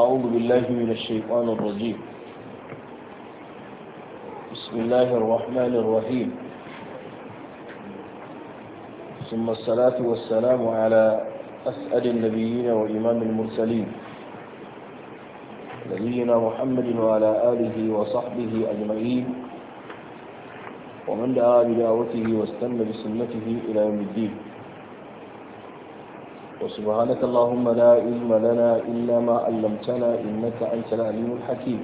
أعوذ بالله من الشيطان الرجيم بسم الله الرحمن الرحيم ثم الصلاة والسلام على أسأل النبيين وإمام المرسلين نبينا محمد وعلى آله وصحبه أجمعين ومن دعا بدعوته واستنى بسنته إلى يوم الدين وسبحانك اللهم لا علم لنا إلا ما علمتنا إنك أنت العليم الحكيم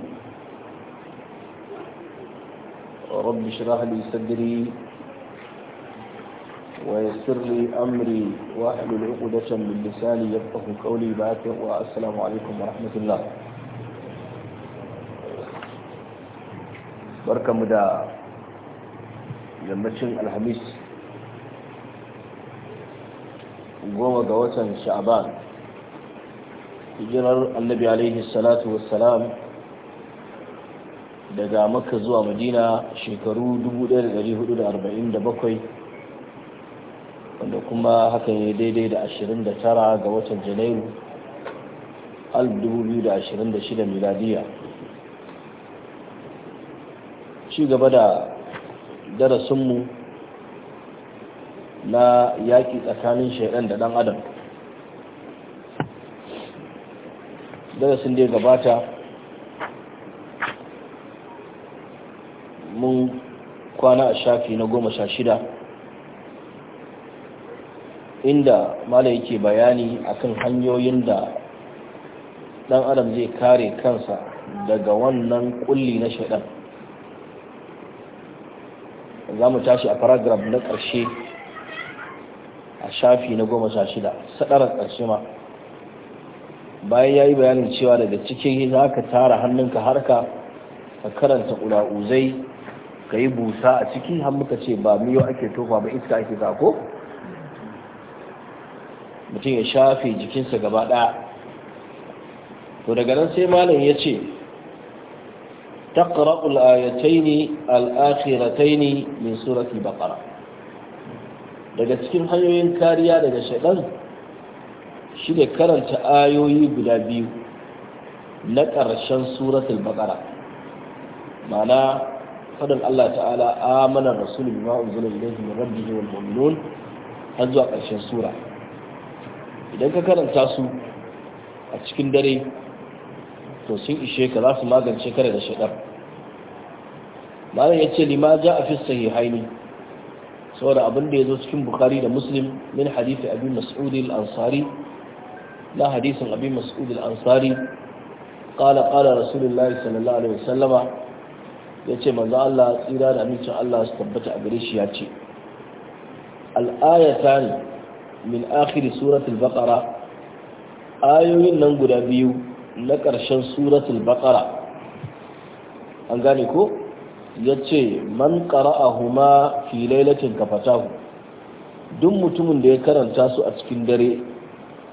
رب اشرح لي صدري ويسر لي أمري واحلل عقدة من لساني يفقه قولي بعد والسلام عليكم ورحمة الله بركة مدى yammacin الحميس goma ga watan sha'aban hijirar annabi alaihi salatu wassalam daga makka zuwa madina shekaru 1447 wanda kuma haka ne daidai da 29 ga watan janairu 2026 miladiya ci gaba da darasinmu na yaƙi tsakanin shaidan da ɗan adam darasin da ya gabata mun kwana a shafi na goma sha shida inda mala yake bayani a kan hanyoyin da ɗan adam zai kare kansa daga wannan kulli na shaidan za mu tashi a faragraf na ƙarshe shafi na goma sha shida sadarar ƙarshe ma bayan ya yi bayanin cewa daga cikin za ka tara hannun ka harka ka karanta ƙula'uzai ka yi busa a ciki har muka ce ba miyo ake tofa ba iska ake zako mutum ya shafe jikinsa gaba ɗaya to daga nan sai malam ya ce تقرأ الآيتين الآخرتين من سورة البقرة daga cikin hanyoyin kariya daga shaɗan shi ne karanta ayoyi guda biyu na ƙarshen suratul baqara ma'ana fadin Allah ta'ala amana rasul bima unzila ilayhi min rabbih wal mu'minun har zuwa ƙarshen sura idan ka karanta su a cikin dare to sun ishe ka za su magance ka da shaidan malam yace lima a fi sahihaini saboda abin da ya zo cikin bukari da muslim min hadithi abi mas'ud al-ansari la hadisin abi mas'ud al-ansari qala qala rasulullahi sallallahu alaihi wasallama yace manzo Allah tsira da amincin Allah su tabbata a gare shi al-ayatan min akhir suratul baqara ayoyin nan guda biyu na ƙarshen suratul baqara an gane ko ya ce man qara'ahuma fi lailatin kafatahu duk mutumin da ya karanta su a cikin dare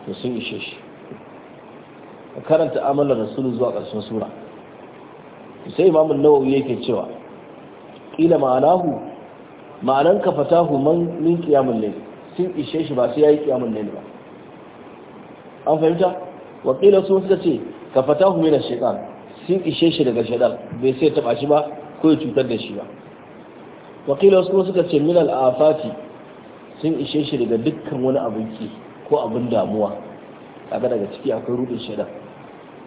to sun ishe shi karanta amalar rasulu zuwa ƙarshen sura sai imamun nawawi yake cewa ƙila ma'anahu ma'anan kafatahu man min ƙiyamun ne, sun ishe shi ba sai yi ƙiyamun ne ba an fahimta wa sun suka ce kafatahu min ash-shaytan sun ishe shi daga shaɗar, bai sai taɓa shi ba ko cutar da shi ba wakilai wasu suka ce min al'afati sun ishe shi daga dukkan wani abinci ko abin damuwa kaga daga ciki akwai rudin shaidan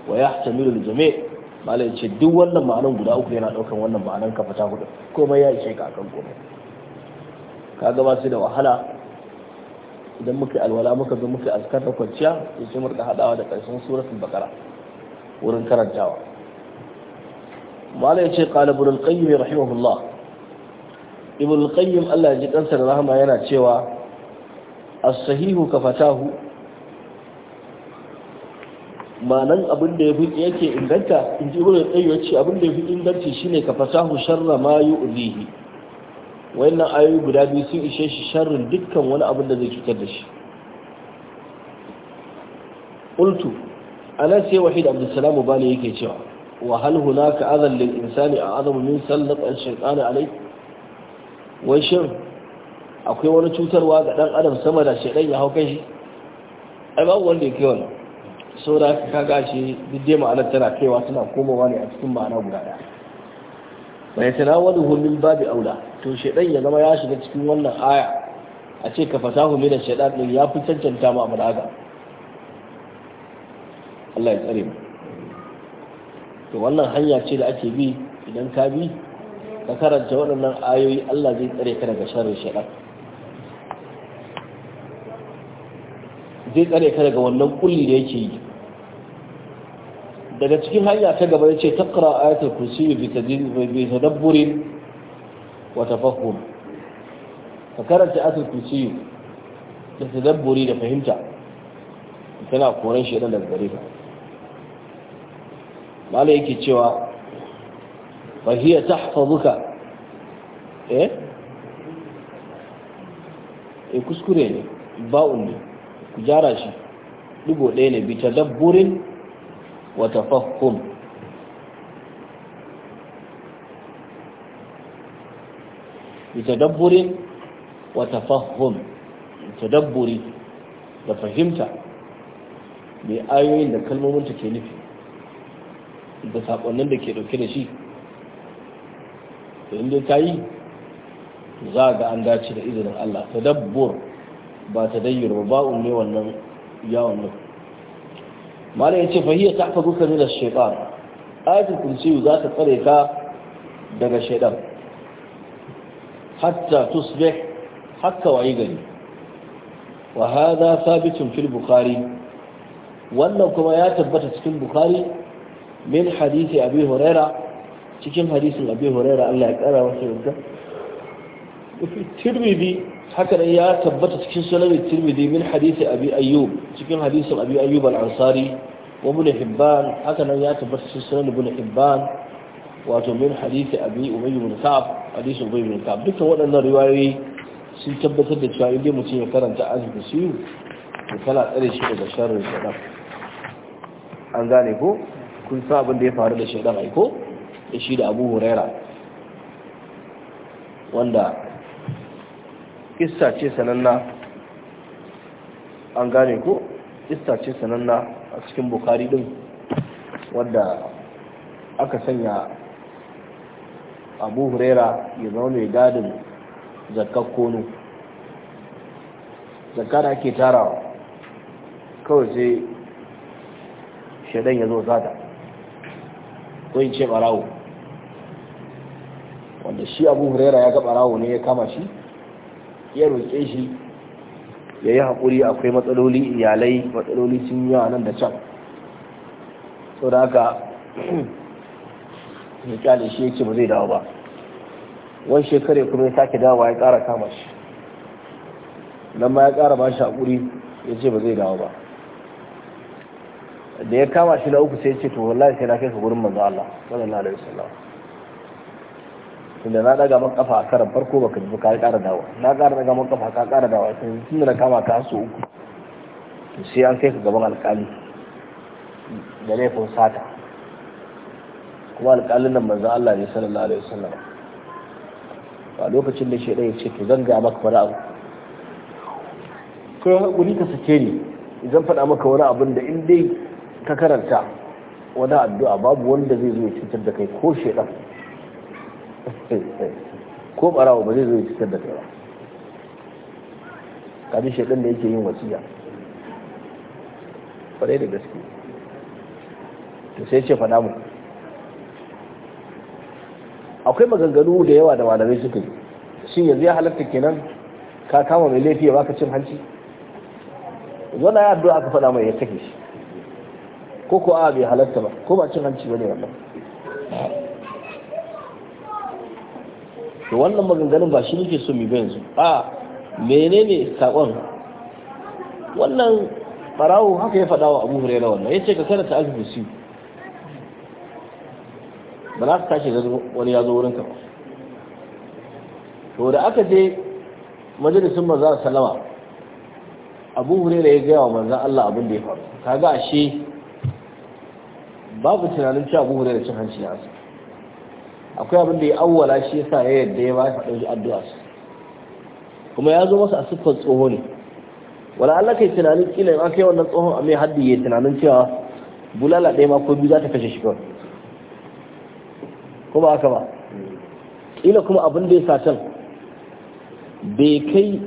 wa yahtamilu jami' malai ce duk wannan ma'anan guda uku yana daukan wannan ma'anan ka fata hudu komai ya ishe ka akan komai kaga ba sai da wahala idan muka yi alwala muka zo muka azkar da kwanciya sai murka haɗawa hadawa da karshen suratul baqara wurin karantawa malai ce qala ibn al-qayyim rahimahullah ibn al-qayyim Allah ji kansa da rahama yana cewa as-sahihu fatahu. malan abin da yafi yake inganta in ji ibn al-qayyim yace abin da yafi inganci shine kafatahu sharra ma yu'dihi wannan ayoyi guda biyu sun ishe shi sharrin dukkan wani abin da zai cutar da shi qultu anas sai wahid abdussalam bani yake cewa وهل هناك أذى للإنسان أعظم من سلط الشيطان عليه وشر akwai wani cutarwa ga dan adam sama da shaidan ya hauka shi ai wanda ya kewa sau da kaga shi duk dai ma'anar tana kaiwa tana komawa ne a cikin ma'ana guda ɗaya bai tana wani hulmin babu aula to shaidan ya zama ya shiga cikin wannan aya a ce ka fata hu da din ya fi cancanta ma abu Allah ya tsare mu to wannan hanya ce da ake bi idan ka bi ka karanta waɗannan ayoyi Allah zai tsare ka daga sharrin shaɗa zai tsare ka daga wannan kulli da yake yi daga cikin hanya ta gaba ya yace taqra ayatul kursi bi tadabburin wa tafahum ka karanta ayatul kursi da tadabburi da fahimta tana koran shaitan daga gare ka malai yake cewa fahiyya ta hafazuka eh e kuskure ne ba'un ne ku jara shi dubo ɗaya ne bi tadabburin wa tafahum bi tadabburin wa tafahum tadabburi da fahimta mai ayoyin da kalmomin ta ke nufi da saƙonnin da ke ɗauke da shi to inda ta yi za ga an dace da izinin Allah ta tadabbur ba ta dayyar ba ba'un ne wannan yawon nan mala ya ce fahiyar ta aka zuka ne da ayatul kursiyu za ta tsare ka daga shaitan hatta tusbih haka wayi gari wa hada thabitun fil bukhari wannan kuma ya tabbata cikin bukhari min hadisi abi huraira cikin hadisin abi huraira Allah ya kara masa yarda fi tirmidhi haka ne ya tabbata cikin sunan tirmidhi min hadisi abi ayyub cikin hadisin abi ayyub al-ansari wa ibn hibban haka nan ya tabbata cikin sunan ibn hibban wato min hadisi abi umayy ibn ka'ab hadisi umayy ibn ka'ab dukkan waɗannan riwayoyi sun tabbatar da cewa idan mutum ya karanta azbi su to kana tsare shi daga sharrin shaɗan an gane ko kun sa abin da ya faru da shaidan aiko da shi da abu huraira wanda ce sananna an gane ko ce sananna a cikin bukari din wadda aka sanya abu huraira ya zama mai gadin zakar kono zakka da ake tara kawai sai shaidan ya zo zata ko in ce barawo wanda shi abu huraira ya ga barawo ne ya kama shi ya roƙe shi ya yi haƙuri akwai matsaloli iyalai matsaloli sun yi nan da can so da haka ya kyale shi ya ce ba zai dawo ba wani shekare kuma ya sake dawa ya ƙara kama shi nan ma ya ƙara ba shi haƙuri ya ce ba zai dawo ba da ya kama shi na uku sai ce to wallahi sai na kai ka gurin manzo Allah sallallahu alaihi wasallam tunda na daga man kafa a karan farko baka ji ka kara dawa na ƙara daga man kafa ka kara dawa tun da na kama ka su uku to sai an kai ka gaban alƙali da laifin sata kuma alƙalin nan manzo Allah ne sallallahu alaihi wasallam a lokacin da shi ya ce to zan ga maka wani abu ko hakuri ka sake ni idan faɗa maka wani abu da in dai ka karanta wani addu'a babu wanda zai zo ya cutar da kai ko shaidan ko barawa ba zai zo ya cutar da kai ba kaji shaidan da yake yin wasiya kwarai da gaske to sai ce fada mu akwai maganganu da yawa da malamai suka yi shi yanzu ya halatta kenan ka kama mai laifi ya baka cin hanci zuwa na ya addu'a ka faɗa mai ya sake shi ko ko a bai halatta ba ko ba cin hanci bane wannan to wannan maganganun ba shi nake so mu ba yanzu a menene sakon wannan barawo haka ya fada wa Abu Hurairah wannan yace ka karanta al-Busi ba za ka tashi da wani ya zo wurin ka ba to da aka je majalisin manzo sallama Abu Hurairah ya ga wa manzo Allah abin da ya faru kaga ashe babu tunanin cewa abu da cin hanci na akwai abin da ya awwala shi yasa ya yadda ya ba shi addu'a kuma ya zo masa a siffar tsoho ne wala Allah kai tunanin kila in kai wannan tsohon a mai haddi ya tunanin cewa bulala ɗaya ma ko biyu za ta kashe shi kawai ko haka ba kila kuma abin da ya sa bai kai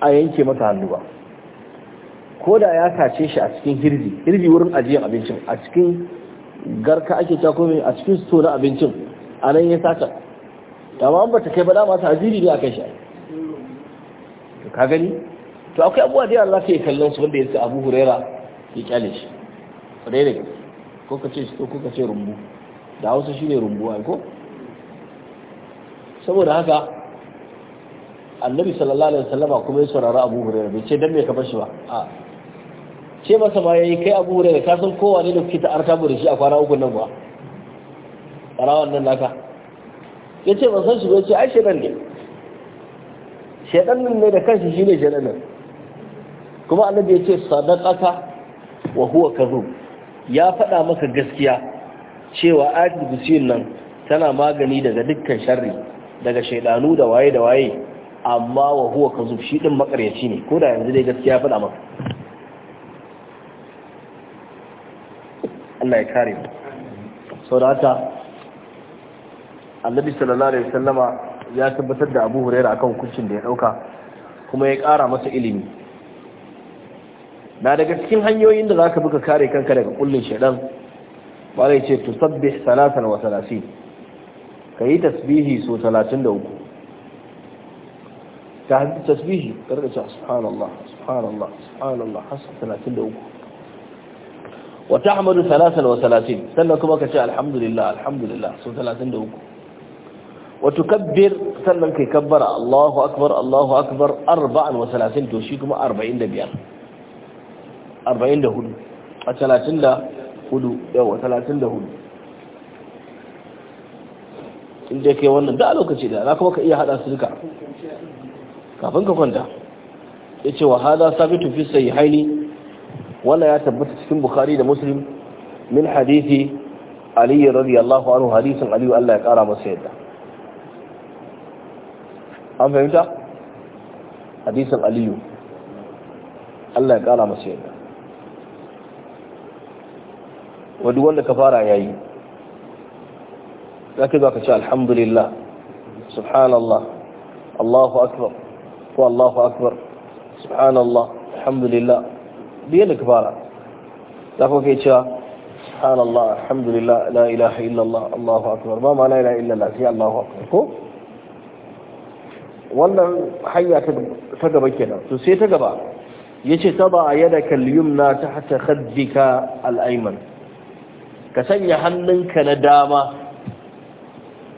a yanke mata hannu ba ko da ya sace shi a cikin hirji hirji wurin ajiyar abincin a cikin garka ake cakome a cikin sto na abincin a nan ya sata, dama an bata kai ba dama ta ajiri ne a kai shi to ka gani to akwai abubuwa da yawa za kallon su wanda ya ce abu hurera ya kyale shi kwarai ko ka ce ko ka ce rumbu da hausa shi ne rumbu a ko saboda haka annabi sallallahu alaihi wasallama kuma ya saurara abu hurairah bai ce dan me ka bar shi ba a ce masa ma yayi kai abu da ka san kowa ne da kuke ta arta shi a kwana uku nan ba rawan nan naka ya ce ban san shi ba ce ai shedan ne shedan nan ne da kanshi shine shedan nan kuma annabi ya ce sadaqaka wa huwa kadhub ya faɗa maka gaskiya cewa da kursiyin nan tana magani daga dukkan sharri daga shaidanu da waye da waye amma wa huwa zo shi din makaryaci ne ko da yanzu dai gaskiya faɗa maka Allah ya kare mu sau da haka annabi sallallahu alaihi wasallama ya tabbatar da abu Hurairah akan hukuncin da ya dauka kuma ya kara masa ilimi na daga cikin hanyoyin da zaka buka kare kanka daga kullun shedan ba zai ce sabbih salatan wa salasi ka yi tasbihi so talatin da uku ta haddi tasbihi karkace subhanallah subhanallah subhanallah har talatin da uku Wata wa talatin sannan kuma ka ce alhamdulillah alhamdulillah so 33 wa tukabbir sannan kai kabbara Allahu akbar Allahu akbar 34 to shi kuma da hudu a 34 yawa hudu. inda ke wannan da lokaci da za kuma ka iya hada su duka kafin ka kwanta ya ce wa hada sabitu fi haini. wala ya tabbata cikin bukari da muslim min hadisi ali radiyallahu anhu hadisin ali Allah ya kara masa yadda an fahimta hadisin aliyu Allah ya kara masa yadda wadda wanda ka fara yayi za ka ka ce alhamdulillah subhanallah Allahu akbar ko Allahu akbar subhanallah alhamdulillah biye da ka fara za ka kai cewa subhanallah alhamdulillah la ilaha illallah allahu akbar ba ma la ilaha illallah sai allahu akbar ko wannan hanya ta gaba kenan to sai ta gaba yace taba yadaka al-yumna tahta khaddika al-ayman ka sanya hannunka na dama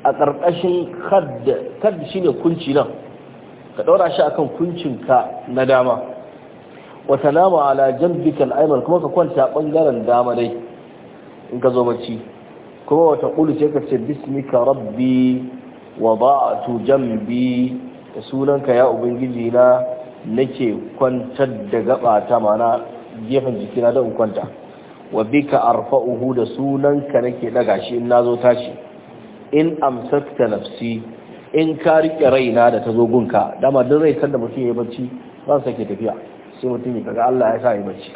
a ƙarƙashin kadd kadd shine kunci nan ka daura shi akan kuncinka na dama Wata nama ala janbika al-ayman kuma ka kwanta bangaren dama dai in ka zo bacci kuma wata qulu sai ka ce bismika rabbi wada'tu janbi da sunanka ya ubangiji na nake kwantar da gaba ta mana gefen jikina da in kwanta wa bika arfa'uhu da sunanka nake daga shi in nazo tashi in amsakta nafsi in ka rike raina da tazo gunka dama duk rai sanda mutum ya bacci ba sa ke tafiya sai mutum ya kaga Allah ya sa yi bacci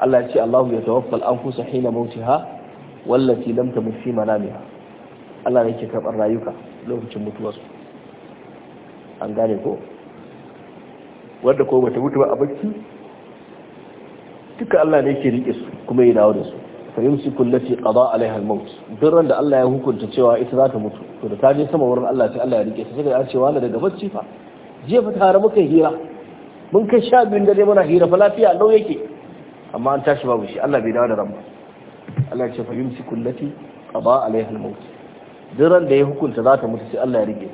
Allah ya ce Allah ya tawaffal anfusa hina mautiha wallafi lam mutu fi manamiha Allah ne ke karɓar rayuka lokacin mutuwarsu an gane ko wanda ko bata mutu ba a bacci duka Allah ne ke rike su kuma ya dawo da su fa yumsiku allati qada alaiha al-maut duk da Allah ya hukunta cewa ita za ta mutu to da ta je sama wurin Allah sai Allah ya rike ta sai ya ce wala daga bacci fa jiya fa tare muka hira mun kai sha biyun dare muna hira fa lafiya lau yake amma an tashi babu shi Allah bai dawo da ran Allah ya ce fa yumsi kullati qada alaiha al-maut duran da ya hukunta zata ta mutu sai Allah ya rige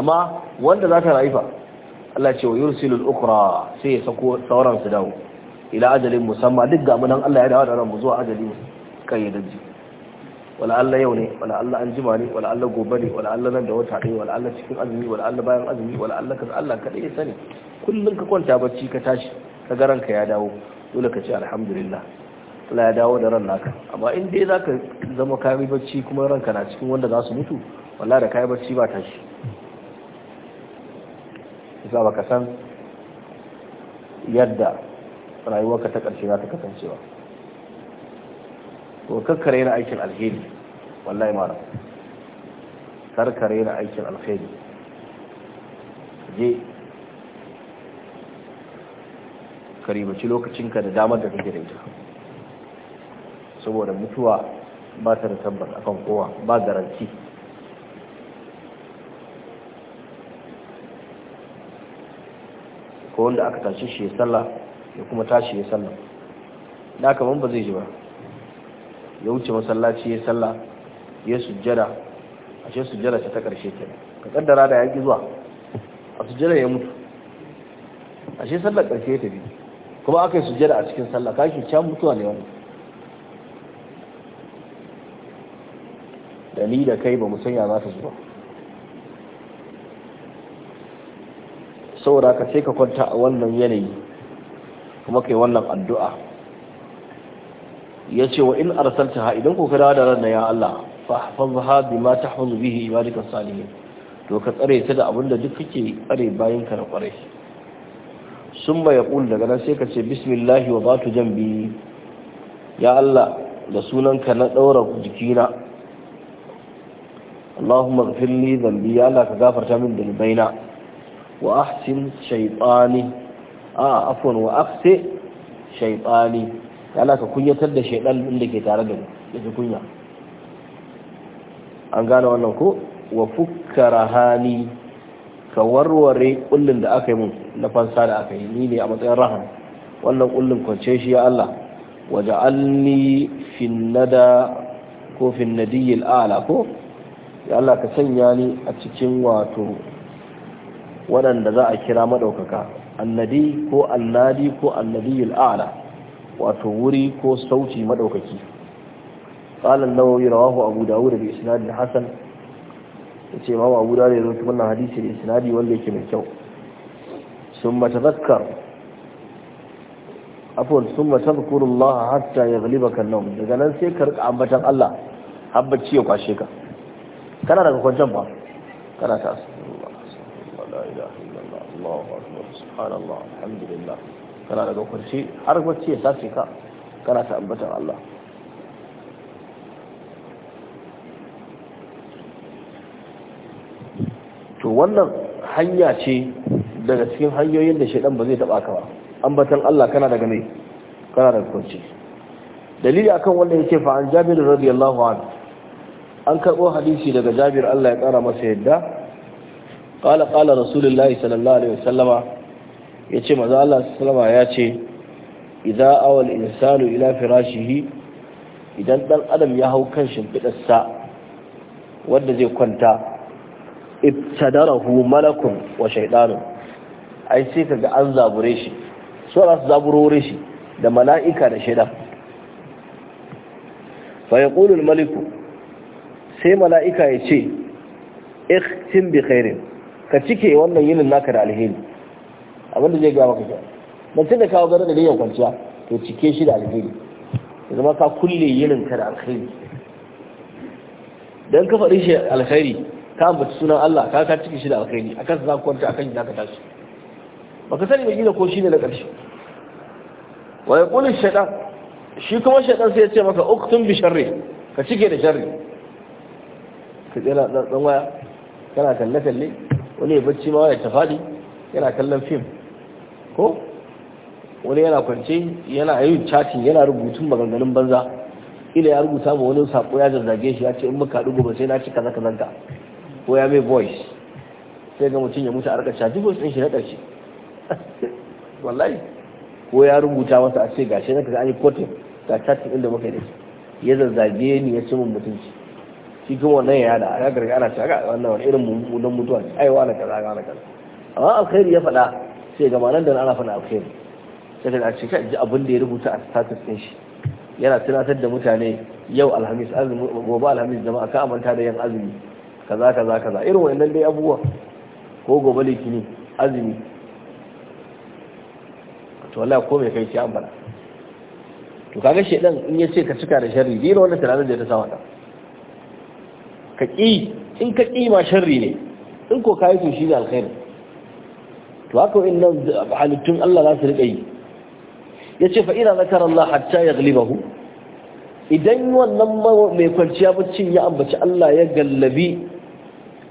amma wanda zata ta rayu fa Allah ya ce wa yursilul ukhra sai ya sako sauran su dawo ila ajalin musamma duk ga munan Allah ya dawo da ran zuwa ajali kayyadajji wala Allah yau ne wala Allah an jima ne wala Allah gobe ne wala Allah nan da wata ɗaya wala Allah cikin azumi wala Allah bayan azumi wala Allah kaza Allah kada ya sani kullum ka kwanta bacci ka tashi ka ga ranka ya dawo dole ka ce alhamdulillah Allah ya dawo da ran naka amma in dai zaka zama ka yi bacci kuma ranka na cikin wanda za su mutu wallahi da ka yi bacci ba tashi za ba ka san yadda rayuwarka ta karshe za ta kasancewa to kakkare na aikin alheri wallahi mara karkare na aikin alheri je karibaci lokacinka da damar da kake da ita saboda mutuwa ba ta da tabbas akan kowa ba garanti ko wanda aka tashi shi ya sallah ya kuma tashi ya sallah da aka ban ba zai ji ba ya wuce masallaci ya sallah ya sujjada a ce sujjada ta karshe kenan ka kaddara da yaki zuwa a sujjada ya mutu a ce sallar karshe ya tafi kuma aka yi sujjada a cikin sallah kashi can mutuwa ne wani da ni da kai ba mu sanya za ta zuwa saboda ka sai ka kwanta a wannan yanayi kuma kai wannan addu'a ya ce wa in arsalta ha idan kuka dawo da ran na ya Allah fa hafazha bima tahfazu bihi ibadika salihin to ka tsare ta da abin da duk kake tsare bayan ka na kware sun yaqul daga nan sai ka ce bismillahi wa batu biyu ya Allah da sunanka na daura jikina Allahumma ighfir li dhanbi ya Allah ka gafarta min dalibai na ahsin shaytani a ah, afwan wa shaiɓani. Allah ka kunyatar da shaidan inda ke tare da mu kunya an gane wannan ko wa fukka ka warware kullun da aka yi mun na fansa da aka yi ni ne a matsayin rahan wannan kullun kwance shi ya Allah wa ja'alni ko fin ala ko ya Allah ka sanya ni a cikin wato waɗanda za a kira madaukaka annadi ko annadi ko annadiyil ala wato wuri ko sauti madaukaki قال النووي رواه أبو داود بإسناد حسن yace imam abu dawud ya rawaito wannan hadisi da isnadi wanda yake mai kyau summa tadhakkar afwan summa tadhkuru Allah hatta yaghlibaka an-nawm daga nan sai ka rika ambatan Allah habba ciye kwashe ka kana daga kwancan ba kana ta la ilaha illallah Allahu akbar subhanallah alhamdulillah kana daga kwarci har bacci ya sace ka kana ta ambatar Allah to wannan hanya ce daga cikin hanyoyin da shaidan ba zai taba ka ba ambatan Allah kana daga mai kana daga kwarci dalili akan wannan yake fa an Jabir radiyallahu anhu an karbo hadisi daga Jabir Allah ya kara masa yadda قال قال رسول الله صلى الله عليه وسلم ya ce maza Allah salama ya ce idan awal insanu ila firashihi idan dan adam ya hau kan shimfiɗarsa wanda zai kwanta ibtadarahu malakun wa shaidanu ai sai kaga an zabure shi so za su zaburo shi da mala'ika da shaidan fa ya yaqulu maliku sai mala'ika ya ce ikhtin bi khairin ka cike wannan yinin naka da alheri abinda da zai gaya maka kyau mutum da kawo garin da zai kwanciya to cike shi da alheri Da zama ka kulle yinin ka da alheri dan ka faɗi shi alheri ka ambaci sunan Allah ka ka ciki shi da alheri akan za ka kwanta akan za ka tashi baka sani mai gina ko shi ne na ƙarshe wa ƙuli shaɗan shi kuma shaɗan sai ya ce maka uktun bi sharri ka cike da sharri ka tsira ɗan waya kana kalle kalle wani ya bacci ma ya tafadi yana kallon fim ko wani yana kwance yana yin chatting yana rubutun maganganun banza ila ya rubuta ma wani sako ya zazzage shi ya ce in muka dugo ba sai na ci kaza kazan ka ko ya mai voice sai ga mutum ya mutu a rika chatting voice din shi na karshe wallahi ko ya rubuta masa a ce gashi na kaga an yi kotin ga chatting inda da muka yi ya zazzage ni ya ci mun mutunci shi kuma wannan ya da ya gargara ta ga wannan wani irin mummunan mutuwa ai wani kaza wani kaza amma alkhairi ya faɗa sai ga nan da ana fana alkhairi sai ka ce ka ji abin da ya rubuta a status ɗin shi yana tunatar da mutane yau alhamis azumi gobe alhamis jama'a ka amanta da yan azumi kaza kaza kaza irin wannan dai abubuwa ko gobe litini azumi to wallahi ko mai kai ci an fara to kaga shedan in ya ce ka cika da sharri dai wannan tunanin da ya ta sa wata ka ƙi in ka ƙi ma sharri ne in ko kayi to shi ne alkhairi to haka wa'annan halittun Allah za su riƙa yi ya ce fa'ina zakar Allah hatta ya galibahu idan wannan mai kwanciya baccin ya ambaci Allah ya gallabi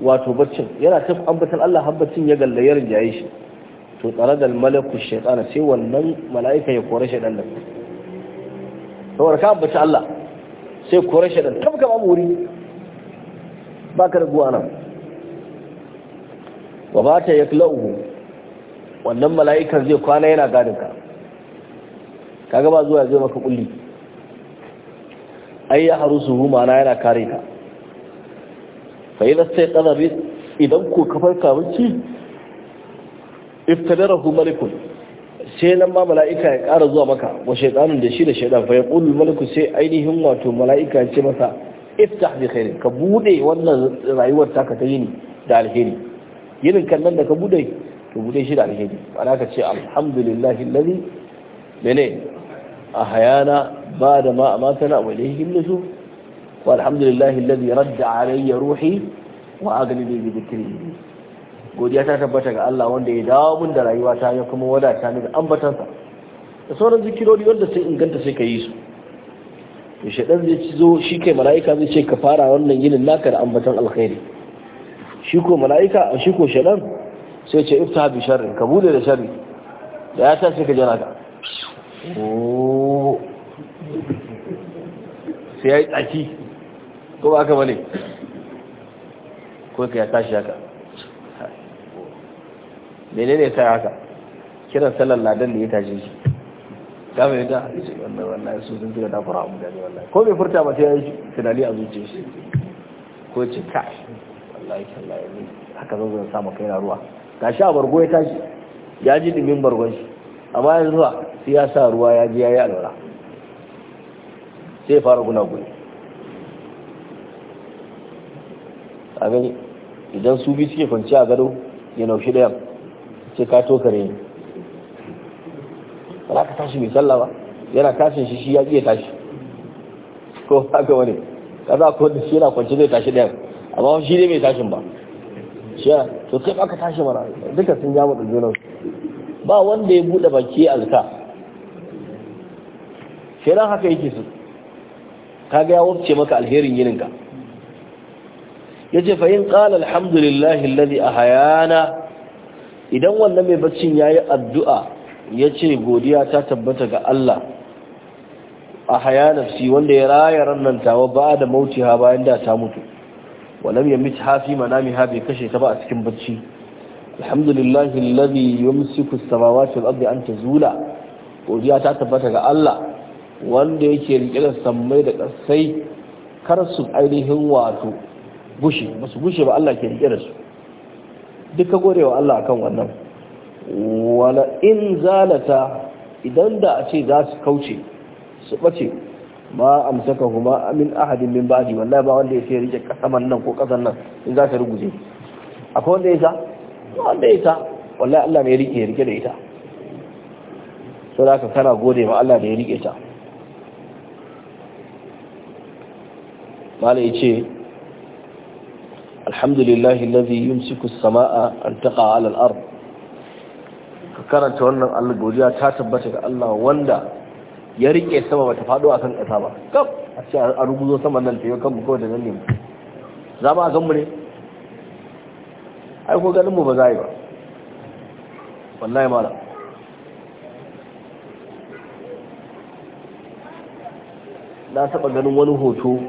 wato baccin yana ta ambatan Allah har baccin ya gallaye rinjaye shi to tsare da malaku shaitana sai wannan mala'ika ya kore da nan saboda ka ambaci Allah sai kore shaitan tabka babu wuri baka da guwa nan wa ba ta yaklauhu wannan mala'ikan zai kwana yana gadin ka ka gaba zuwa zai maka kulli ai ya haru su huma na yana kare ka fa da sai qadabi idan ko ka kawunci bacci iftadarahu malikun sai nan ma mala'ika ya ƙara zuwa maka wa shaidanun da shi da shaidan fa ƙulli maliku sai ainihin wato mala'ika ya ce masa iftah bi ne ka bude wannan rayuwar taka ta yini da alheri yinin kan nan da ka bude to bude shi ke alheri ana ka ce alhamdulillah lalli mene a hayana ba da ma na a amatana wa lalli radda a rayya ruhi wa علي روحي وأغنني بذكره godiya ta tabbata ga Allah wanda ya dawo mun da rayuwa ta ya kuma wadata ni da ambatansa da sauran zikirori wanda sai inganta sai ka yi su to Shaɗan zai ci zo shi kai mala'ika zai ce ka fara wannan yinin naka da ambatan alkhairi shi ko mala'ika a shi ko Shaɗan. sai ce ifta bi sharri ka bude da sharri da ya sa sai ka jira ka sai ya yi tsaki ko ba ka bane ko ka ya tashi haka menene ya sa haka kiran sallan ladan da ya tashi shi yadda a cikin wannan wannan su sun da fara a mutane wallahi ko bai furta ba sai ya yi tunani a zuci shi ko ce kai wallahi kallahi haka zo zan samu kai na ruwa gashi a bargo ya tashi ya ji dimin bargon shi amma yanzu zuwa sai ya sa ruwa ya ji ya yi alwara sai fara guna guni a gani idan su bi suke kwanci a gado ya naushi ɗayan sai ka to kare ne ba ka tashi mai sallah ba yana tashin shi shi ya iya tashi ko haka wani kaza ko da shi yana kwanci zai tashi ɗayan amma shi ne mai tashin ba zuciya to sai aka tashi mana duka sun ja mutu junan ba wanda ya bude baki alka shirin haka yake su ya wuce maka alherin yinin ka yace fa in qala alhamdulillahi alladhi ahayana idan wanda mai baccin yayi addu'a yace godiya ta tabbata ga Allah ahaya nafsi wanda ya raya rannan tawa ba da mautiha bayan da ta mutu ولم يمتها في منامها بكشي تبع سكن بتشي الحمد لله الذي يمسك السماوات والأرض أن تزولا godiya ta tabbata ga Allah wanda yake rike da sammai da ƙasai kar su ainihin wato gushe ba su gushe ba Allah ke rike da su duka gorewa Allah akan wannan wala in zalata idan da a ce za su kauce su bace ma amsaka huma min ahadin min ba'di wallahi ba wanda yake rike kasaman nan ko kasan nan in za ta ruguje akwai wanda ya wanda ya wallahi Allah ne ya rike rike da ita so da ka kana gode ma Allah da ya rike ta mala yace alhamdulillahi alladhi yumsiku as-samaa an taqa 'ala al-ard ka karanta wannan Allah godiya ta tabbata ga Allah wanda ya rike sama bata faɗo a kan ƙasa ba kaf a ce a rubuzo sama nan ta yi kanmu kawai da nan ne za ba a kanmu ne aiko ko ganinmu ba za a yi ba wallahi mara na taɓa ganin wani hoto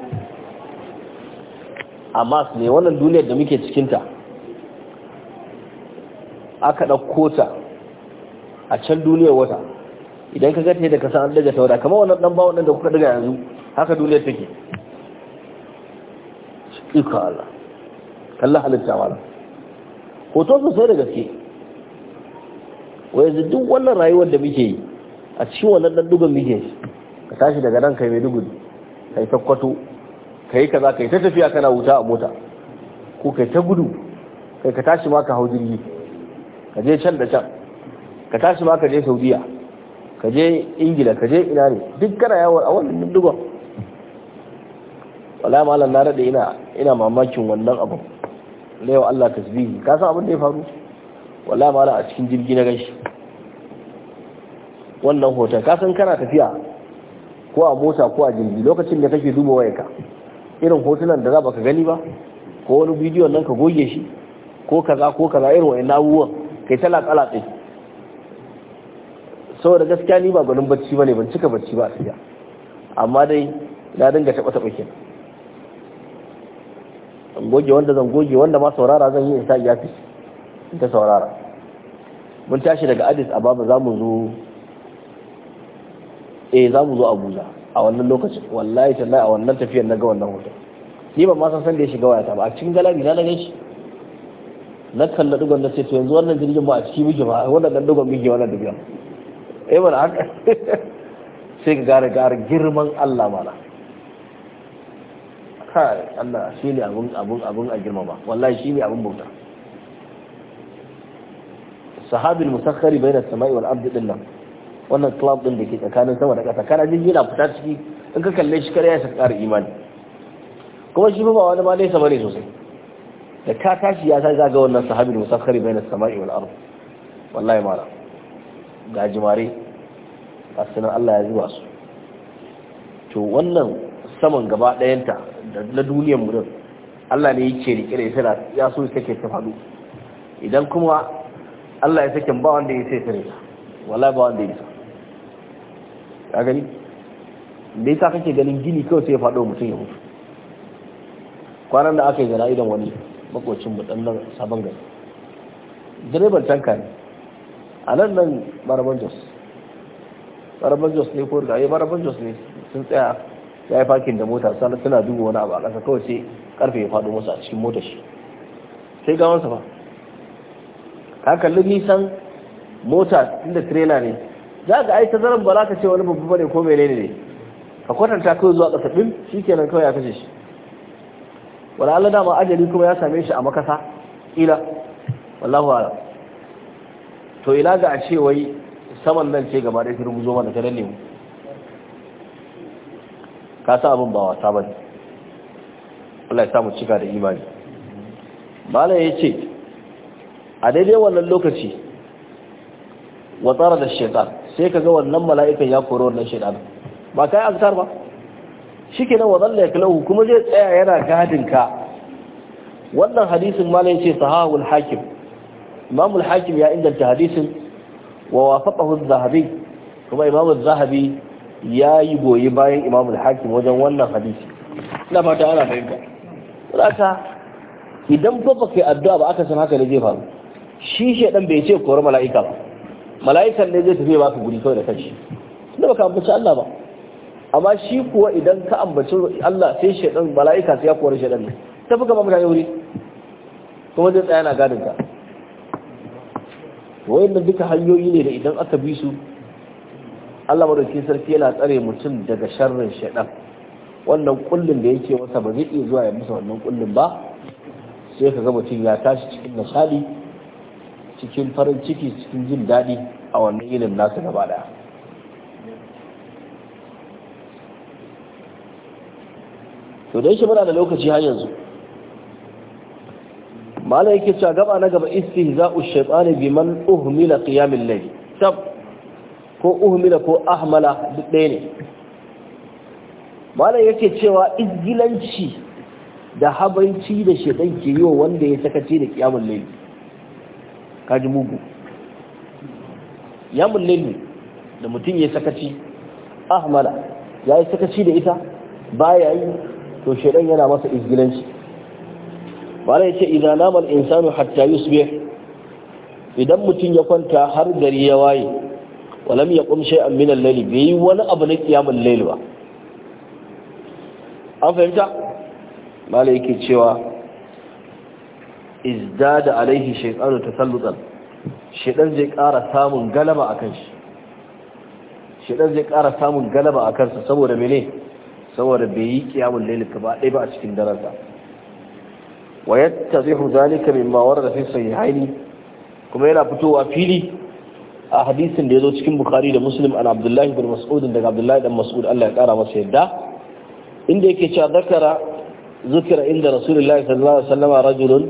a mas ne wannan duniyar da muke cikinta aka ɗauko ta a can duniyar wata idan ka gace da ka san an daga taura kamar wannan dan bawon da kuka daga yanzu haka duniyar take iko Allah kalla halitta wala hoto sosai da gaske wai duk wannan rayuwar da muke yi a cikin wannan dan dugun muke ka tashi daga nan kai mai ka kai ta kwato kai kaza kai ta tafiya kana wuta a mota ko kai ta gudu kai ka tashi ma ka hau jirgi ka je can da can ka tashi ma ka je saudiya ka je ingila ka je ina ne duk kana yawon a wannan dubdugon wala malam na daɗe ina ina mamakin wannan abu lewa Allah tasbihi ka san abin da ya faru wala malam a cikin jirgi na gashi wannan hoton ka san kana tafiya ko a mota ko a jirgi lokacin da kake duba wayarka irin hotunan da za baka gani ba ko wani bidiyon nan ka goge shi ko kaza ko kaza irin wayannan abubuwan kai talaka latsa saboda gaskiya ni ba gwanin bacci ne ban cika bacci ba a siya amma dai na dinga taɓa taɓa ke goge wanda zan goge wanda ma saurara zan yi in sa ya fi ta saurara mun tashi daga addis ababa za mu zo eh za mu zo abuja a wannan lokacin wallahi tallahi a wannan tafiyar na ga wannan hoton ni ban ma san san da ya shiga wayata ba a cikin galabi na daga shi na kalla dugon na ce to yanzu wannan jirgin ba a ciki miki ba wannan dugon miki wannan dugon eh ba haka sai ka gare gara girman Allah mana kai Allah shi ne abun abun abun a girmama wallahi shi ne abun bauta sahabin musakhari bai da sama'i wal ardi din nan wannan club din da ke tsakanin sama da ƙasa kana jin yana fita ciki in ka kalle shi kare ya sa ƙara imani kuma shi ba wani ma nesa ne sosai da ka tashi ya sa ga wannan sahabin musakhari bai da sama'i wal ardi wallahi malam gajimare a sinan Allah ya zuwa su to wannan saman gaba ɗayanta na duniyar mu Allah ne yake rike da ita ya so sake ta faɗo idan kuma Allah ya sake ba wanda ya sai sare ta wala ba wanda ya sa ya gani ya sa kake ganin gini kawai sai ya faɗo mutum ya mutu kwanan da aka yi idan wani makwacin mu dan sabon gari direban tanka ne a nan nan maraban jos maraban jos ne ko rigaye eh, maraban jos ne sun tsaya ya yi fakin da mota sana suna duba wani abu a ƙasa kawai sai karfe ya faɗo masa a cikin mota shi sai gawansa ba ka kalli nisan mota inda trailer ne za ga ai tazaran ba za ka ce wani babba ne ko menene ne ka kwatanta kawai zuwa ƙasa ɗin kenan kawai ya kashe shi wala Allah dama ajali kuma ya same shi a makasa ila wallahu a'lam to ina ga a ce wai saman nan ce gaba ɗaya rubuzo mana ta danne mu ka sa abin ba wasa bane Allah ya samu cika da imani ya ce, a daidai wannan lokaci wa tsara da shaitan sai ka ga wannan mala'ikan ya koro wannan shaitan ba ka kai azkar ba shikenan wa zalla yaklahu kuma zai tsaya yana gadin ka wannan hadisin malai ce sahahul hakim imam al-hakim ya inganta hadisin wa wafaqahu az-zahabi kuma imam az-zahabi ya yi goyi bayan imam hakim wajen wannan hadisi ina fata ana fahimta saboda idan ba baka addu'a ba aka san haka ne zai faru shi dan bai ce kore mala'ika ba mala'ikan ne zai tafi ba ka guri kawai da kanshi tunda baka ambaci Allah ba amma shi kuwa idan ka ambaci Allah sai shedan mala'ika sai ya kore shedan ne tafi gaba mutane wuri kuma zai tsaya na gadin ka wayannan duka hanyoyi ne da idan aka bi su Allah madaukakin sarki yana tsare mutum daga sharrin shaɗan wannan kullum da yake masa ba zai iya zuwa ya masa wannan kullum ba sai ka ga mutum ya tashi cikin nishadi cikin farin ciki cikin jin daɗi a wannan ilimin nasu gaba ɗaya to da shi muna da lokaci har yanzu mala yake cewa gaba na gaba istihza'u shaytani biman uhmila al layl tab ko uhmila ko ahmala duk ɗaya ne mala yake cewa izgilanci da habanci da shaytan ke yi wanda ya sakaci da al layl kaji mugu al layl da mutum ya sakaci ahmala ya yi sakaci da ita baya yi to shaytan yana masa izgilanci ya ce idan namal insanu hatta yusbih idan mutum ya kwanta har gari ya waye walam ya shay'an min al-layli bai wani abu na qiyamul layl ba an fahimta mala yake cewa izdada alaihi shaytanu tasallutan shedan zai kara samun galaba akan shi shedan zai ƙara samun galaba akan sa saboda mene saboda bai yi qiyamul layl ba ɗaya ba a cikin daren wa yattazihu zalika mimma warada fi sahihaini kuma yana fitowa fili a hadisin da ya zo cikin bukhari da muslim an abdullahi bin mas'ud daga abdullahi dan mas'ud Allah ya kara masa yadda inda yake cewa zakara zukira inda rasulullahi sallallahu alaihi wasallam rajulun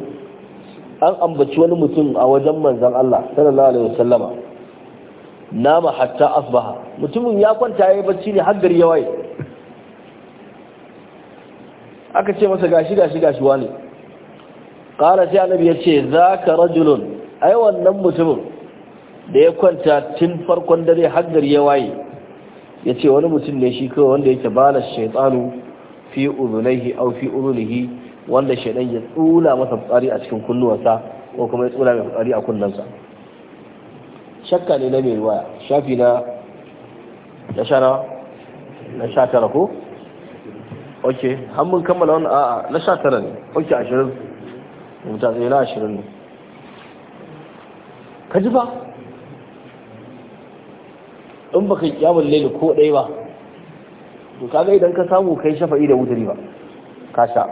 an ambaci wani mutum a wajen manzon Allah sallallahu alaihi wasallam nama hatta asbaha mutumin ya kwanta yayi bacci ne har gari aka ce masa gashi gashi gashi wani ƙara sai annabi ya ce za ka rajulun ai wannan mutumin da ya kwanta tun farkon dare har gari ya waye ya ce wani mutum ne shi kawai wanda yake bala shaitanu fi uzunaihi au fi uzunihi wanda shaitan ya tsula masa fitsari a cikin kunnuwansa ko kuma ya tsula mai fitsari a kunnensa shakka ne na mai waya shafi na na shara na sha tara ko ok har kammala wani a'a na sha tara ne ok ashirin mutazila ashirin ne ka ji ba. in ba ka kyawun laili ko ɗaya ba to kaga idan ka samu kai shafa'i da wuturi ba ka sha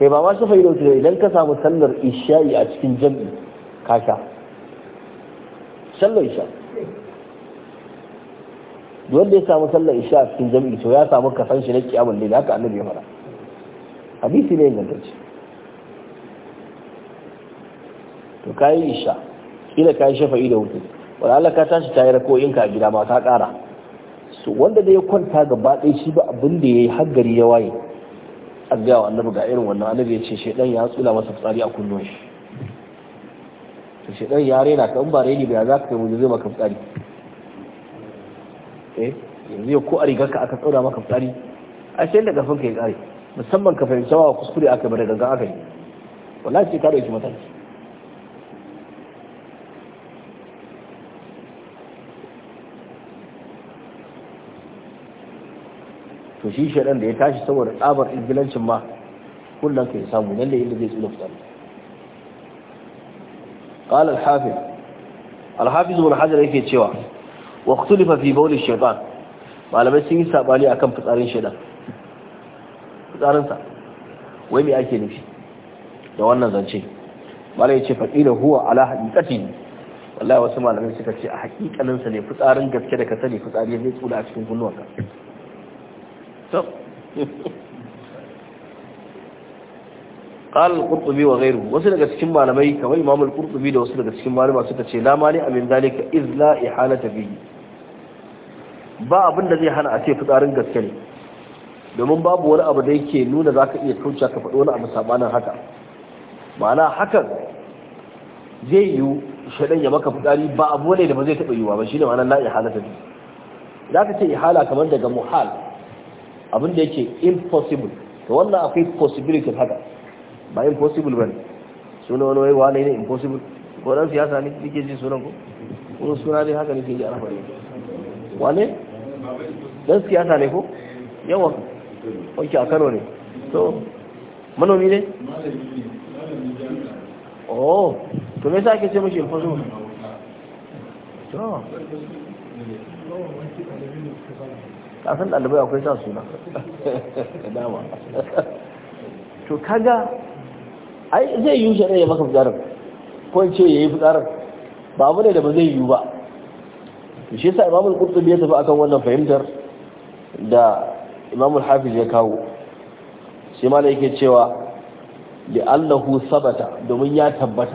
kai ba ma shafa'i da wuturi idan ka samu sallar isha'i a cikin jam'i ka sha sallar isha wanda ya samu sallar isha a cikin jam'i to ya samu kasan shi na kyawun laili haka annabi ya fara hadisi ne ingantacce to ka yi isha kila ka yi shafa'i da wuce wala Allah ka tashi ta yi in ka gida ma ta ƙara so wanda da ya kwanta gaba ɗaya shi ba abin da ya yi haggari ya waye a wa annabi ga irin wannan annabi ya ce shedan ya tsula masa fitsari a kunnuwan shi to shedan ya rena ka in ba reni ba za ka kai mu maka fitsari eh yanzu ya ko a rigar ka aka tsaura maka fitsari a sai da kafin ka ya kare musamman ka fahimci wa kuskure aka bar gangan aka yi wallahi sai ka dauki mataki to shi shaɗan da ya tashi saboda tsabar ingilancin ma kullum ka yi samu yadda da yadda zai tsula fitar قال الحافظ الحافظ ابن حجر yake cewa wa ikhtulifa fi bawl ash malamai sun yi sabani akan fitsarin shaytan fitsarin sa wai mai ake nufi da wannan zance malai yace faqila huwa ala ne wallahi wasu malamai suka ce a haƙiƙanin sa ne fitsarin gaske da ka sani fitsari zai tsula a cikin kunnuwanka قال القرطبي وغيره wasu daga cikin malamai kamar Imam al-Qurtubi da wasu daga cikin malama suka ce la mani amin ka iz la ihalata bihi ba abin da zai hana a ce fitsarin gaske ne domin babu wani abu da yake nuna zaka iya kauce ka faɗo wani abu sabanin haka ma'ana hakan zai yiwu shaidan ya maka fitsari ba abu ne da ba zai taɓa yiwuwa ba shine ma'anar la ihalata bihi ka ce ihala kamar daga muhal abin da yake impossible to wannan akwai possibility haka ba impossible bane suna wani waiwa ne ne impossible ko dan siyasa ne kike ji sunan ko kuma suna dai haka ne ke ji a rafare wane dan siyasa ne ko yawa wanke a kano ne to manomi ne oh to me yasa ake ce mishi impossible to kasan ɗalibai akwai sa suna dama to kaga ai zai yi shi ya maka fitsarin ko ce ya yi ba mu ne da ba zai yi ba shi yasa imamul qurtubi ya tafi akan wannan fahimtar da imamul hafiz ya kawo shi ma yake cewa li allahu sabata domin ya tabbata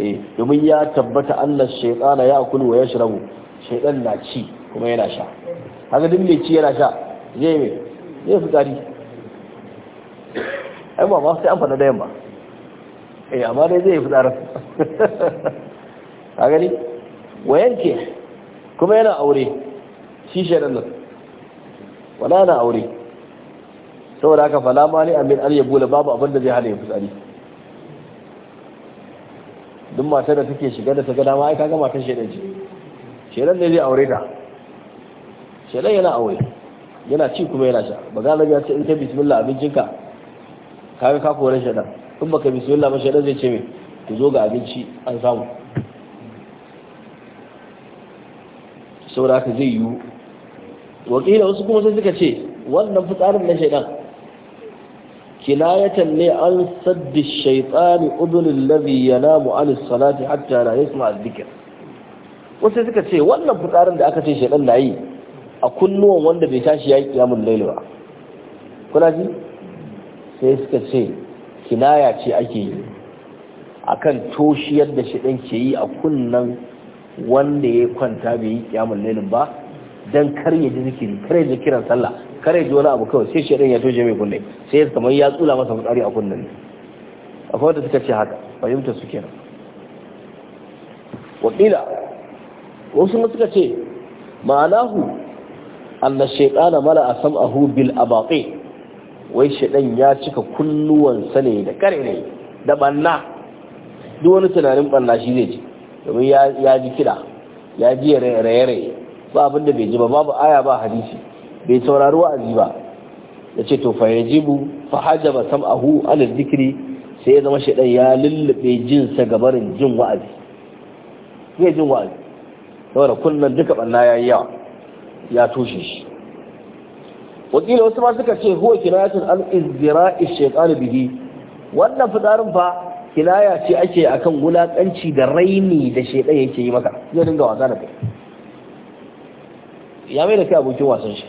eh domin ya tabbata annash shaytana kulu wa yashrabu shaytan na ci kuma yana sha haka duk mai ci yana sha zai mai zai fi tsari ai ba ma sai an faɗa dayan ba eh amma dai zai fi tsarin a gani wayanke kuma yana aure shi shaɗan nan wala yana aure saboda haka falama ne amin an yabo da babu abinda zai hana ya fitsari duk matar da suke shiga da ta gada dama ai kaga matar shaidan ce shaidan ne zai aure ta shedan yana aure yana ci kuma yana sha ba galibi ya ce in ka bismillah abincinka kaga ka kore dan in baka bismillah ba dan zai ce me ku zo ga abinci an samu saboda haka zai yiwu wakila wasu kuma sai suka ce wannan fitsarin na shaidan kinayatan ne an saddi shaitani udunin lazi ya namu an salati hatta na yasma azzikir wasu suka ce wannan fitsarin da aka ce shaidan na yi a kunnuwan wanda bai tashi ya yi kiyamun laili ba kuna ji sai suka ce kinaya ce ake yi akan toshiyar da shi ɗan ke yi a kunnan wanda ya kwanta bai yi kiyamun lailin ba don kar ya ji zikiri kar ya ji kiran sallah kar ya ji wani abu kawai sai shi ɗan ya toshe mai kunne sai ya kamar ya tsula masa fitsari a kunnan akwai wanda suka ce haka fahimta su kenan wakila wasu suka ce ma'anahu anna shaytana mala'a sam'ahu bil abati wai shaytan ya cika sa ne da karere da banna duk wani tunanin banna shi zai ji domin ya ji kida ya ji raye-raye ba abinda bai ji ba babu aya ba hadisi bai saurari wa'azi ba ya ce to fa yajibu fa hajaba sam'ahu ala dhikri sai ya zama shaidan ya lullube sa gabarin jin wa'azi zai jin wa'azi saboda kullum duka banna yayi yawa ya tushe shi wakili wasu ma suka ce huwa kinayatun an izdira'i shaytan bihi wannan fitsarin fa kinaya ce ake akan wulakanci da raini da shaytan yake yi maka zai dinga wasa da kai ya mai da kai abokin wasan shi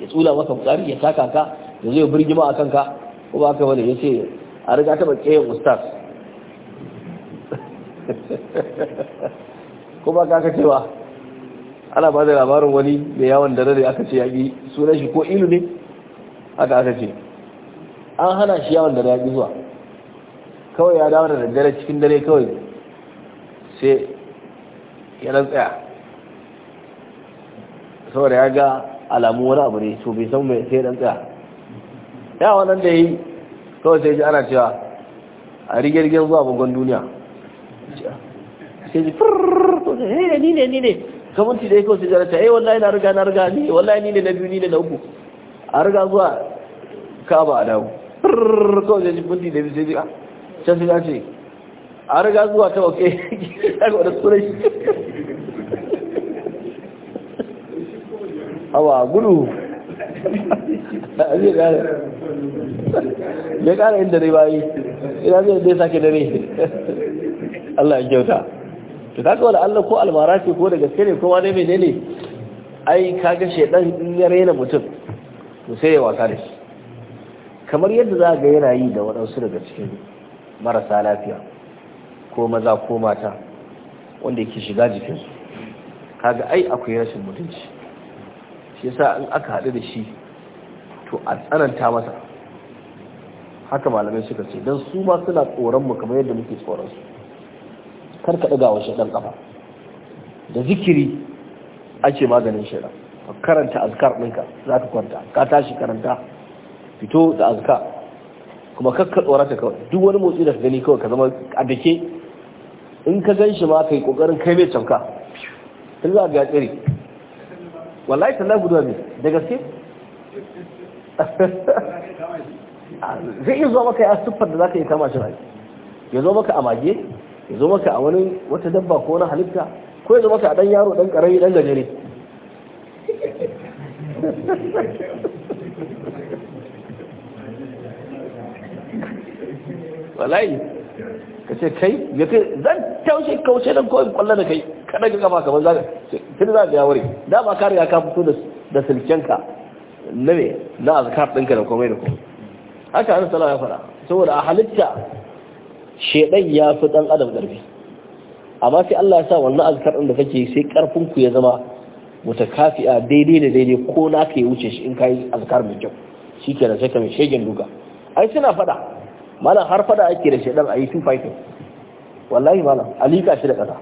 ya tsula maka fitsari ya taka ka ya zo ya birgima a kanka ko ba ka wani ya ce a riga taɓa ƙeyin ustaz ko ba ka ka cewa ana ba da labarin wani mai yawon dare da aka ce bi sunan shi ko ilu ne haka aka ce an hana shi yawon dare yaƙi zuwa kawai ya dawo da daddare cikin dare kawai sai ya nan tsaya saboda ya ga alamu wani abu ne to bai san mai sai dan tsaya ya wannan da yi kawai sai ji ana cewa a rigirgin zuwa bugon duniya sai ji furr to sai ne ni ne ne Ka kamunci da ya kawo sigara ta eh wallahi na riga na riga ni wallahi ni ne na biyu ni ne na uku a riga zuwa kaba a dawo kawai da jikunti da biyu sai ah, can sigara ce a riga zuwa ta wake ya ga wadda sunan shi awa gudu ya kara inda dai bayi ina zai dai sake dare Allah ya kyauta to kaga wala Allah ko almara ce ko da gaske ne ko wani menene ai kaga shedan in ya raina mutum to sai ya wasa da shi kamar yadda za ga yana yi da waɗansu daga cikin marasa lafiya ko maza ko mata wanda yake shiga jikinsu kaga ai akwai rashin mutunci shi yasa in aka haɗu da shi to a tsananta masa haka malamai suka ce don su ma suna tsoron mu kamar yadda muke tsoron su kar ka ɗaga wa shaɗan ƙafa da zikiri ake maganin shaɗan karanta azkar ɗinka za ka kwanta ka tashi karanta fito da azka kuma kakka tsorata kawai duk wani motsi da ka gani kawai ka zama a dake in ka gan shi ma ka yi ƙoƙarin kai mai canka in za a ga tsiri wallahi tallah guda ne da gaske zai iya zuwa maka ya siffar da za ka yi kama shi ya zo maka a mage yanzu maka a wani wata dabba ko wani halitta ko ya maka a dan yaro dan karami dan gajere wallahi ka ce kai ya ce zan taushe kaushe dan koyin kwallo da kai kada ka kafa kamar zaka kin za ka wuri da ba ka riga ka fito da da silkenka na me na azkar ɗinka da komai da komai haka an sallah ya fara saboda a halitta shedan ya fi dan adam karfi amma sai Allah ya sa wannan azkar din da kake sai karfin ku ya zama mutakafi'a daidai da daidai ko na ka yi wuce shi in ka yi azkar mai kyau shi ke sai ka mai shegen duka ai suna fada malam har fada ake da shedan a yi two fighting wallahi malam ka shi da kasa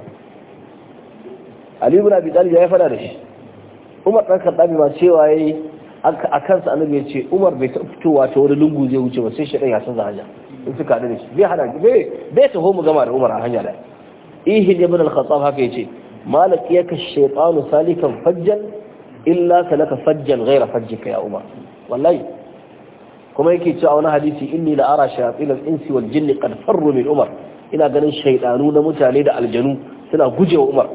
ali ibn abi talib ya fada da shi umar dan kaddabi ma cewa yayi a kansa annabi ya ce umar bai fitowa ta wani lungu zai wuce ba sai shedan ya san zahaja in su haɗu da shi bai hada bai bai taho mu gama da Umar a hanya da ihil ibn al-Khattab haka yace malak yaka shaytanu salikan fajjan illa salaka fajjan ghayra fajjika ya Umar wallahi kuma yake cewa wani hadisi inni la ara shayatin al-insi wal jinni qad farru min Umar ina ganin shaydanu na mutane da aljanu suna gujewa Umar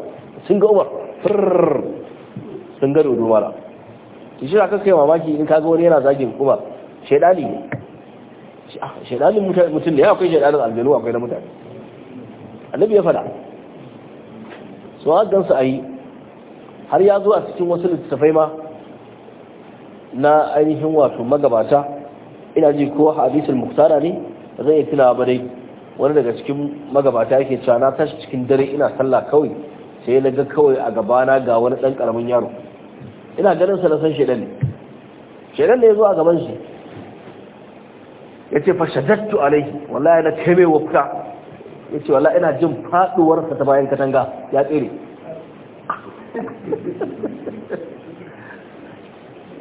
sun ga Umar sun ga dodo mara shi ka kai mamaki in ga wani yana zagin Umar shaydani ne shaidanin mutum da ya akwai shaidanin aljanu akwai na mutane annabi ya faɗa su a gansu a yi har ya zo a cikin wasu littattafai ma na ainihin wato magabata ina ji ko hadisul muktara ne zai yi tunawa ba dai wani daga cikin magabata yake cewa na tashi cikin dare ina sallah kawai sai na ga kawai a gabana ga wani ɗan karamin yaro ina ganin sa na san shaidan ne shaidan ne ya zo a gaban shi yace fa shaddattu wala wallahi na kai mai wufka yace wallahi ina jin faduwar ka ta bayan katanga ya tsere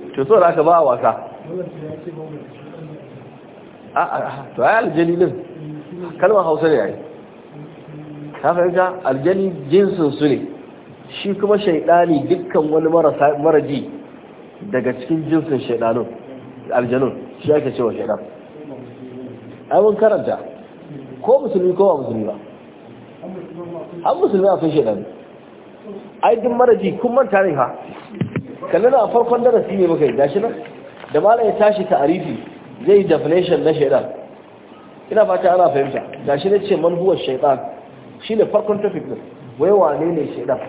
to so da ka ba wasa a a to ai aljani din kalmar Hausa ne yayi ka fahimta aljani jinsin su ne shi kuma shaidani dukkan wani maraji daga cikin jinsin shaidanun aljanun shi ake cewa shaidan Abin karanta ko musulmi ko ba musulmi ba an musulmi akwai shaidan ai duk maraji kun manta ne ha kallon a farkon darasi ne muka yi gashi nan da malam ya tashi ta'arifi zai definition na shaidan ina fata ana fahimta gashi ne ce manhuwar huwa shi shine farkon tafi din wai wane ne shaidan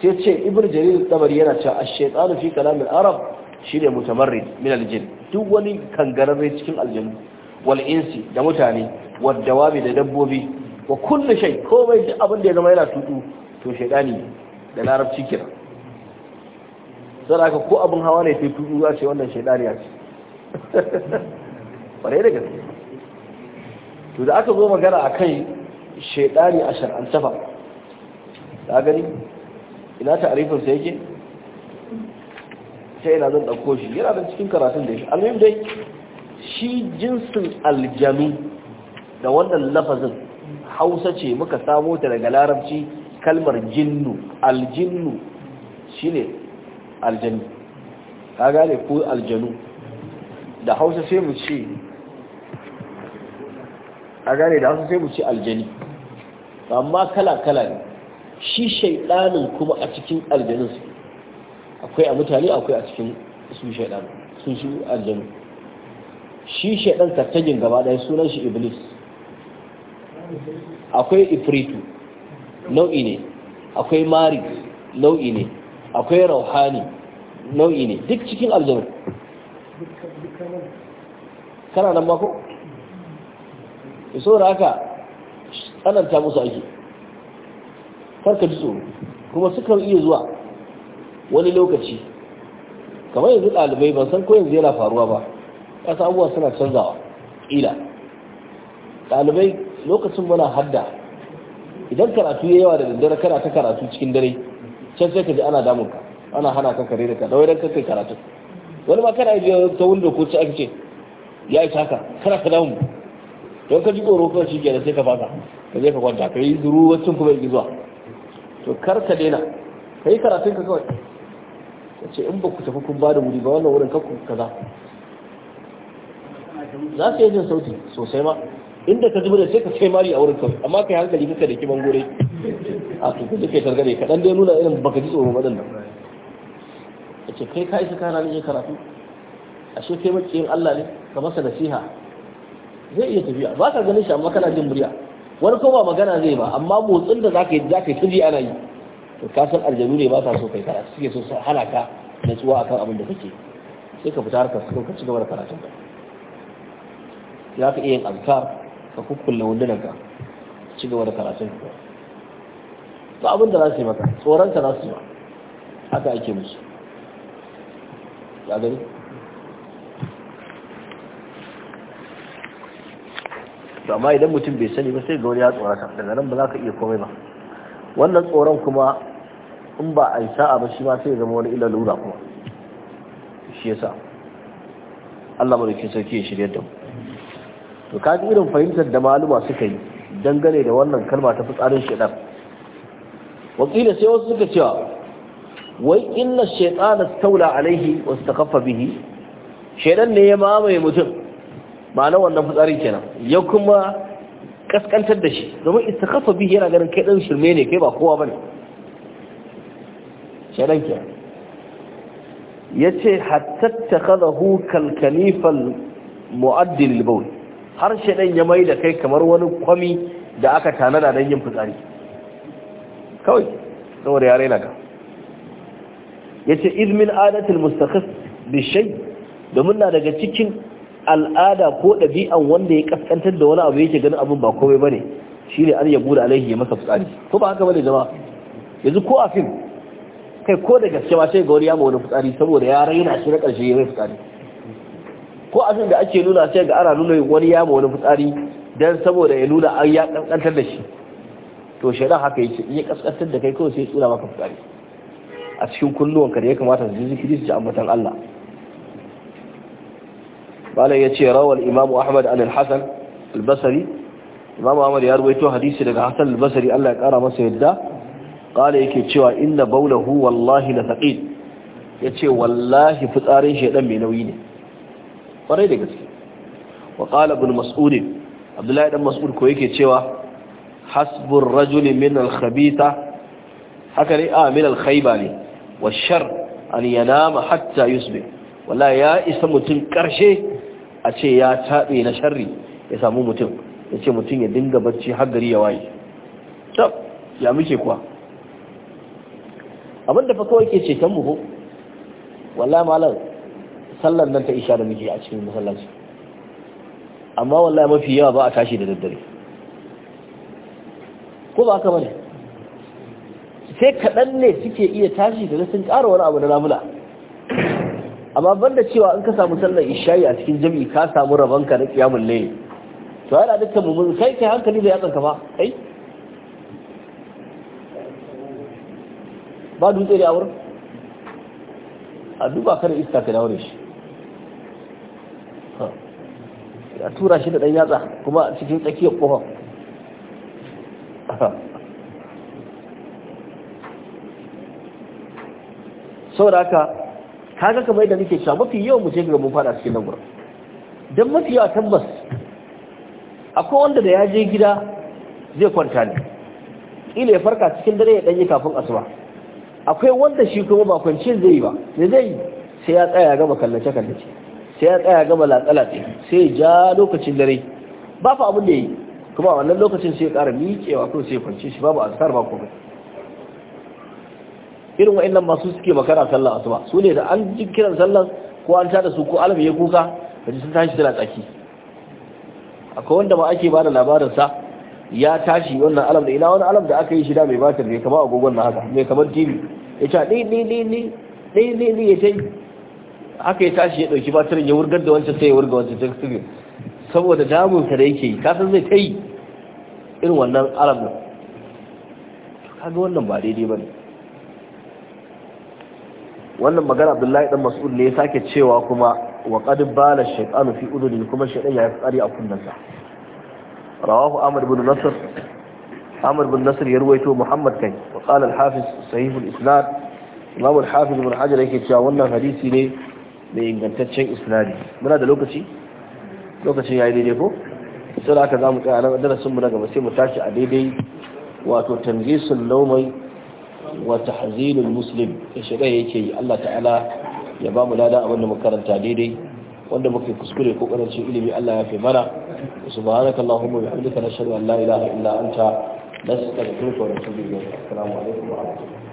sai ce ibn jarir tabari yana cewa a shaytanu fi kalamin arab arab shine mutamarri min al duk wani kangararre cikin aljannu wal insi da mutane wad dawabi da dabbobi wa kullu shay komai da abin da ya zama yana tutu to shedani da larabci kira aka ko abin hawa ne sai tutu za ce wannan shedani ya ce bare da gaske to da aka zo magana akai shedani a shar'an safa ka gani ina ta'arifin sa yake sai ina zan dauko shi yana da cikin karatun da shi almuhim dai shi jinsin aljanu da wannan lafazin hausa ce muka samo ta daga larabci kalmar jinnu aljinnu ne aljanu ka gane ko aljanu da hausa sai mu ce a gane da hausa sai mu ce aljani amma kala-kala ne shi shaidanin kuma a cikin aljanin su akwai a mutane akwai a cikin su shaidanin sun shi aljanu shi shaidan tattagin gaba ɗaya sunan shi iblis akwai ifritu nau'i ne akwai mari nau'i ne akwai rauhani nau'i ne duk cikin aljanu kana nan mako? da aka tsananta musu ake farka ji tsoro kuma sukan iya zuwa wani lokaci kamar yanzu ɗalibai ban san ko yanzu yana faruwa ba wasu abubuwa suna canzawa ƙila ɗalibai lokacin muna hadda idan karatu ya yawa da daddare kana ta karatu cikin dare can sai ka ji ana damun ka ana hana ka kare da ka dawai don kai karatu wani ma kana yi ta wunda ko ci ake ce ya yi taka kana ka damu don ka ji tsoro kuma shi kenan sai ka fasa ka je ka kwanta ka yi zuru wacin kuma yi zuwa to kar ka daina ka yi karatun ka kawai ka ce in ba ku tafi kun ba da wuri ba wannan wurin kakku kaza za su yi jin sauti sosai ma inda ka zuba da sai ka sai mari a wurin kawai amma kai hankali kuka da kiman gore a tukun da kai targade kaɗan dai nuna irin baka ji tsoron waɗannan a ce kai ka isa kana ne karatu ashe kai maciyin Allah ne ka masa nasiha zai iya tafiya ba ka ganin shi amma kana jin murya wani kuma magana zai ba amma motsin da ka yi zaka yi tsiri ana yi to ka san aljanu ne ba sa so kai karatu suke so su hana ka natsuwa akan abin da kake sai ka fita harkar su ka ci gaba da karatun ka za ka iya yin ka kukkulla wundunan ka ci gaba da karatun ka to abin da za su yi maka tsoron ka za su yi ma haka ake musu ya gani to amma idan mutum bai sani ba sai ga wani ya tsorata daga nan ba za ka iya komai ba wannan tsoron kuma in ba a yi sa'a ba shi ma sai zama wani ila lura kuma shi yasa Allah madaukin sarki ya shirye da mu to kaji irin fahimtar da maluma suka yi dangane da wannan kalma ta fitsarin shaitan wakila sai wasu suka cewa wai inna shaitana staula alaihi wa istakaffa bihi shaitan ne ya mamaye mutum ma'ana wannan fitsarin kenan ya kuma kaskantar da shi domin istakaffa bihi yana ganin kai dan shirme ne kai ba kowa bane shaitan kenan yace hatta takhadahu kal kanifal mu'addil bawl Harshe ɗan ya mai da kai kamar wani kwami da aka tanada don yin fitsari kawai saboda yare na ka ya ce izmin adatul mustakhis bishai domin na daga cikin al'ada ko ɗabi'an wanda ya kaskantar da wani abu yake ganin abin ba komai ne, shi ne an yabu da alaihi ya masa fitsari ko ba haka bane Ya yanzu ko a fim kai ko da gaske ma sai ga wani ya wani fitsari saboda ya raina shi na ƙarshe ya mai fitsari ko abin da ake nuna sai ga ana nuna wani ya wani fitsari dan saboda ya nuna an ya kankantar da shi to shari'a haka yake in ya kaskantar da kai kawai sai ya tsura maka fitsari a cikin kulluwanka da ya kamata su zikiri su ji ambatan Allah malam ya ce rawar imamu ahmad an al-hasan al-basri imam ahmad ya ruwaito hadisi daga hasan al-basri Allah ya kara masa yadda kala yake cewa inna baulahu wallahi la thaqil yace wallahi fitsarin shedan mai nauyi ne kwarai da gaske wa kala bin abdullahi dan mas'ud ko yake cewa Hasbun rajuli min al haka ne a min al-khayba ne wa shar an yanama hatta yusbih wala ya isa mutum karshe a ce ya tabe na sharri ya samu mutum ya ce mutum ya dinga barci har gari ya waye ya muke kuwa abinda fa kawai ke ce mu ko wallahi malam sallar nan ta isha da muke a cikin musallaci amma wallahi mafi yawa ba a tashi da daddare ko ba ka bane sai kaɗan ne suke iya tashi da sun ƙara wani abu na ramula amma banda cewa in ka samu sallar isha'i a cikin jami'i ka samu rabanka na kiyamun ne to yana dukkan mu mun kai kai hankali da yatsanka ba kai ba dutse da a wurin a duba kada iska ka daure shi a tura shi da ɗan yatsa kuma cikin tsakiyar ƙofar da haka kaga kama yadda nake cewa mafi yawan mu sai ga mun fada cikin nan Don mafi yawa tabbas akwai wanda da ya je gida zai kwanta ne ila ya farka cikin dare ya ɗanyi kafin asuba akwai wanda shi kuma ba kwance zai yi ba ne zai yi sai ya tsaya ya gama kallace kallace sai ya tsaya gama latsala ɗaya, sai ya ja lokacin dare ba fa abin da yi kuma a wannan lokacin sai ya ƙara miƙewa ko sai ya kwance shi babu asar ba bai. irin wa'annan masu suke makara sallah asuba su ne da an ji kiran sallah ko an da su ko alam ya kuka kaji sun tashi tana tsaki akwai wanda ma ake bada labarin sa ya tashi wannan alam da ina wani alam da aka yi shida mai batir mai kama agogon na haka mai kamar tv ya ce ni ni ni ni ni ni ya ta yi haka ya tashi ya dauki batirin ya wurgar da wancan sai ya wurga wancan sai su saboda damun sa da yake yi kasan zai ta yi irin wannan arab din kaga wannan ba daidai bane wannan magana Abdullahi dan Mas'ud ne ya sake cewa kuma wa qad bala shaytanu fi udhuni kuma shaytan ya tsari a kunnansa rawahu Ahmad ibn Nasr Ahmad ibn Nasr ya ruwaito Muhammad kai wa qala al-Hafiz sahih al-isnad Imam al-Hafiz ibn Hajar yake cewa wannan hadisi ne da ingantaccen isnadi muna da lokaci lokacin daidai ko sai aka zamu kai nan darasin mu na gaba sai mu tashi a daidai wato tanzisul lawmai wa tahzilul muslim shiga yake yi Allah ta'ala ya ba mu lada abin da mu karanta daidai wanda muke kuskure ko karancin ilimi Allah ya fi mana subhanaka allahumma bihamdika nashhadu an la ilaha illa anta nastaghfiruka wa natubu ilayk assalamu alaikum wa rahmatullahi